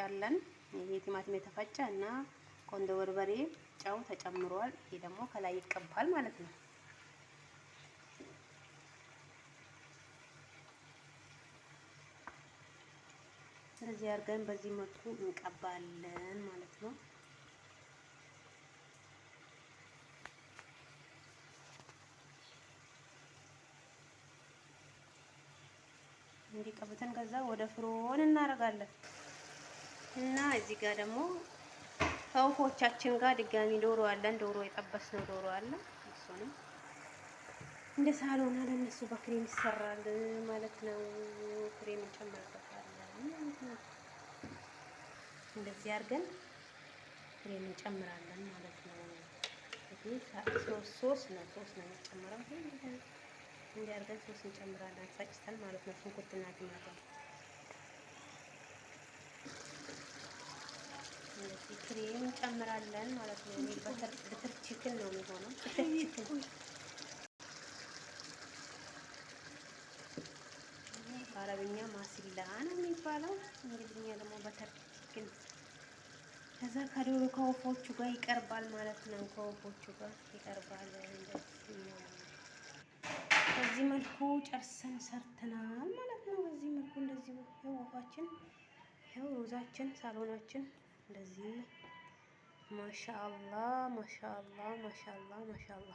ያለን ይሄ ቲማቲም የተፈጨ እና ቆንዶ በርበሬ፣ ጨው ተጨምሯል። ይሄ ደግሞ ከላይ ይቀባል ማለት ነው። ስለዚህ አድርገን በዚህ መልኩ እንቀባለን ማለት ነው። እንዲቀብተን ከዛ ወደ ፍሮን እናደርጋለን። እና እዚህ ጋር ደግሞ ከወፎቻችን ጋር ድጋሚ ዶሮ አለን። ዶሮ የጠበስነው ዶሮ አለ። እሱንም እንደ ሳሎና ለነሱ በክሬም ይሰራል ማለት ነው። ክሬም እንጨምርበታለን ማለት እንደዚህ አድርገን ክሬም እንጨምራለን ማለት ነው። ሶስት ነው ሶስት ነው የሚጨምረው። እንዲህ አድርገን እንጨምራለን ፈጭተን ማለት ነው። ሽንኩርትና ቲማቲም ክሬም እንጨምራለን ማለት ነው። እኔ በተር በተር ቺክን ነው የሚሆነው። በአረብኛ ማሲላ ነው የሚባለው። እንግሊዝኛ ደግሞ በተር ቺክን ከዛ ከዶሮ ከወፎቹ ጋር ይቀርባል ማለት ነው። ከወፎቹ ጋር ይቀርባል። በዚህ መልኩ ጨርሰን ሰርተናል ማለት ነው። በዚህ መልኩ እንደዚህ ወፋችን ይኸው ሮዛችን ሳሎናችን እንደዚህ ማሻአላ ማሻአላ ማሻአላ ማሻአላ